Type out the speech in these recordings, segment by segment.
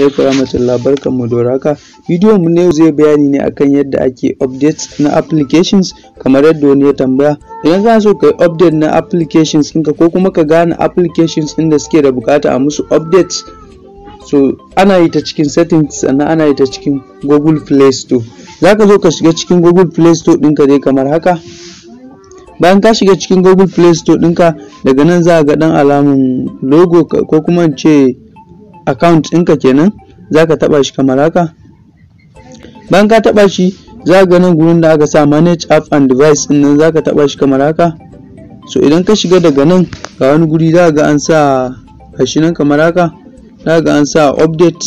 alaikum warahmatullah barkanmu da warhaka bidiyon mu na yau zai bayani ne akan yadda ake updates na applications kamar yadda wani ya tambaya idan kana so kai update na applications ɗinka ko kuma ka gane applications ɗin da suke da bukata a musu updates so ana yi ta cikin settings sannan ana yi ta cikin google play store za ka zo ka shiga cikin google play store ɗinka dai kamar haka bayan ka shiga cikin google play store ɗinka daga nan za ga ɗan alamun logo ko kuma ce account ɗinka kenan za ka taɓa shi kamar haka bayan ka taɓa shi za ka ganin gurin da aka sa manage app and device ɗin nan za ka taɓa shi kamar haka so idan ka shiga daga nan ga wani guri za ga an sa gashi nan kamar haka za ga an sa update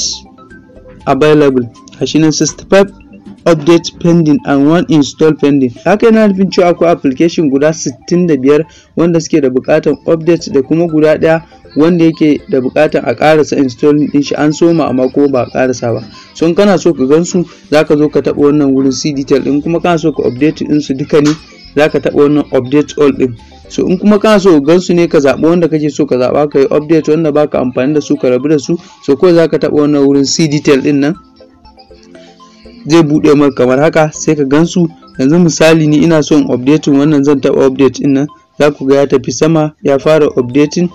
available shi nan 65 update pending and one install pending haka yana nufin cewa akwai application guda 65 wanda suke da bukatan update da kuma guda daya wanda yake da buƙatar a karasa installing din shi an soma amma ko ba a ƙarasa ba so in kana so ka gansu zaka zo ka taɓa wannan wurin c detail din kuma kana so ka update din su duka ne zaka taɓa wannan update all din so in kuma kana so ka gansu ne ka zaɓi wanda kake so ka zaba ka yi update wanda baka amfani da su ka rabu da su so kawai zaka taba wannan wurin c detail din nan zai buɗe maka kamar haka sai ka gansu yanzu misali ni ina so in update wannan zan taba update din nan za ku ga ya tafi sama ya fara updating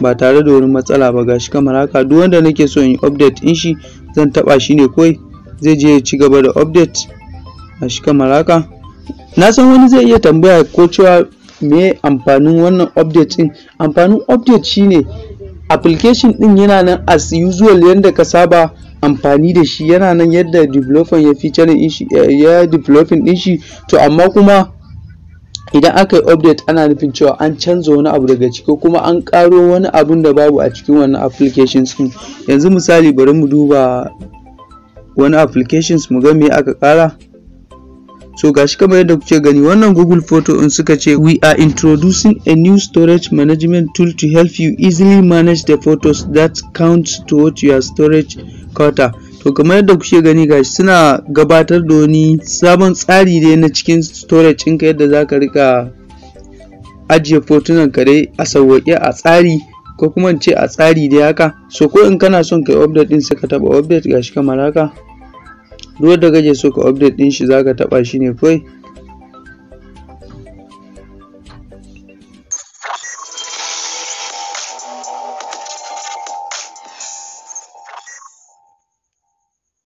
ba tare da wani matsala ba gashi kamar haka duk wanda nake so in update in shi zan taba shi ne kawai zai je ya ci gaba da update gashi kamar haka na san wani zai iya tambaya ko cewa me amfanin wannan update din amfanin update shine application din yana nan as usual yadda ka saba amfani da shi yana nan yadda developer ya feature din shi eh, ya developing din shi to amma kuma idan aka yi update ana nufin cewa an canza wani abu daga ciki kuma an karo wani abun da babu a cikin wannan applications din yanzu misali bari mu duba wani applications mu ga me aka kara so gashi kamar yadda kuke gani wannan google photo in suka ce we are introducing a new storage management tool to help you easily manage the photos that count towards your storage quota to kamar yadda kuke gani gashi suna gabatar da wani sabon tsari ne na cikin storage ɗinka yadda za ka rika ajiye fotunan ka dai a sauwaƙe a tsari ko kuma in ce a tsari dai haka so ko in kana son kai update ɗin sai ka taɓa update gashi kamar haka duk da gaje so ka update ɗin shi za ka taɓa shi ne kawai